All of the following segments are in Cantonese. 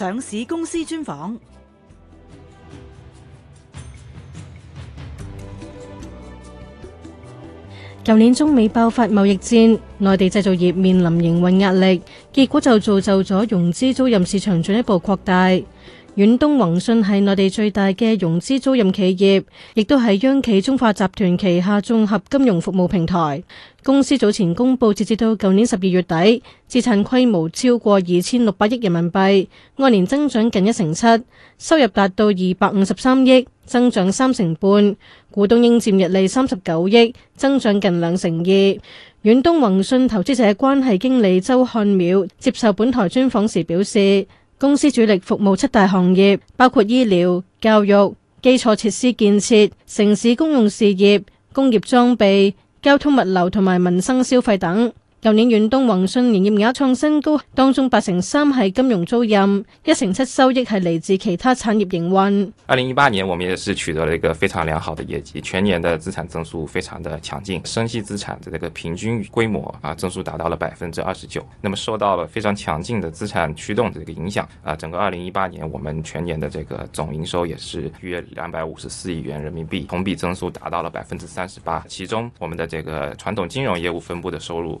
上市公司專訪。舊年中美爆發貿易戰，內地製造業面臨營運壓力，結果就造就咗融資租賃市場進一步擴大。遠東宏信係內地最大嘅融資租賃企業，亦都係央企中化集團旗下綜合金融服務平台。公司早前公布，截至到舊年十二月底，資產規模超過二千六百億人民幣，按年增長近一成七，收入達到二百五十三億，增長三成半，股東應佔溢利三十九億，增長近兩成二。遠東宏信投資者關係經理周漢淼接受本台專訪時表示。公司主力服務七大行業，包括醫療、教育、基礎設施建設、城市公用事業、工業裝備、交通物流同埋民生消費等。舊年遠東宏信營業額創新高，當中八成三係金融租賃，一成七收益係嚟自其他產業營運。二零一八年，我們也是取得了一個非常良好的業績，全年的資產增速非常的強勁，生息資產的這個平均規模啊，增速達到了百分之二十九。那麼，受到了非常強勁的資產驅動的這個影響啊，整個二零一八年，我們全年的這個總營收也是約兩百五十四億元人民幣，同比增速達到了百分之三十八。其中，我們的這個傳統金融業務分布的收入。.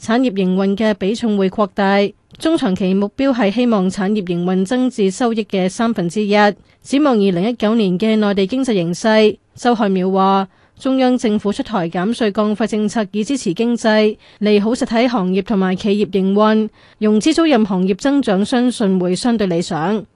產業營運嘅比重會擴大，中長期目標係希望產業營運增至收益嘅三分之一。展望二零一九年嘅內地經濟形勢，周漢淼話中央政府出台減稅降費政策以支持經濟，利好實體行業同埋企業營運，融資租賃行業增長相信會相對理想。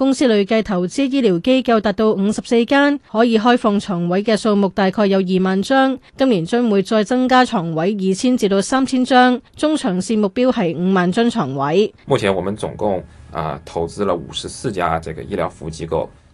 公司累計投資醫療機構達到五十四間，可以開放床位嘅數目大概有二萬張，今年將會再增加床位二千至到三千張，中長線目標係五萬張床位。目前我們總共啊投資了五十四家這個醫療服務機構。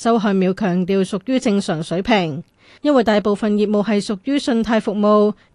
周漢淼強調，屬於正常水平，因為大部分業務係屬於信貸服務。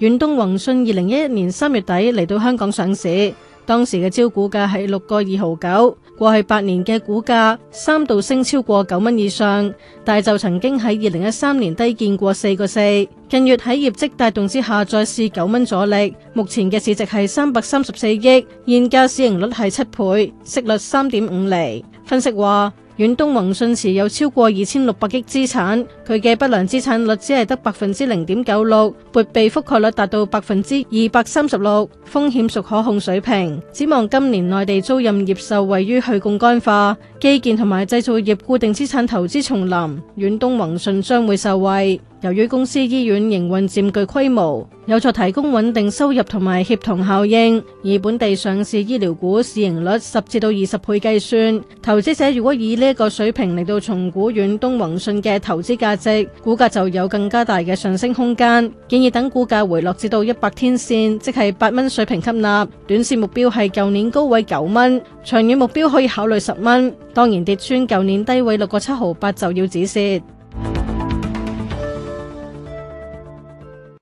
遠東宏信二零一一年三月底嚟到香港上市，當時嘅招股價係六個二毫九，過去八年嘅股價三度升超過九蚊以上，但就曾經喺二零一三年低見過四個四。近月喺業績帶動之下，再試九蚊阻力，目前嘅市值係三百三十四億，現價市盈率係七倍，息率三點五厘。分析話。遠東宏信持有超過二千六百億資產，佢嘅不良資產率只係得百分之零點九六，撥備覆蓋率達到百分之二百三十六，風險屬可控水平。指望今年內地租賃業受惠於去槓杆化，基建同埋製造業固定資產投資重臨，遠東宏信將會受惠。由於公司醫院營運占據規模，有助提供穩定收入同埋協同效應，以本地上市醫療股市盈率十至到二十倍計算，投資者如果以呢個水平嚟到重估遠東宏信嘅投資價值，股價就有更加大嘅上升空間。建議等股價回落至到一百天線，即係八蚊水平吸納，短線目標係舊年高位九蚊，長遠目標可以考慮十蚊。當然跌穿舊年低位六個七毫八就要止蝕。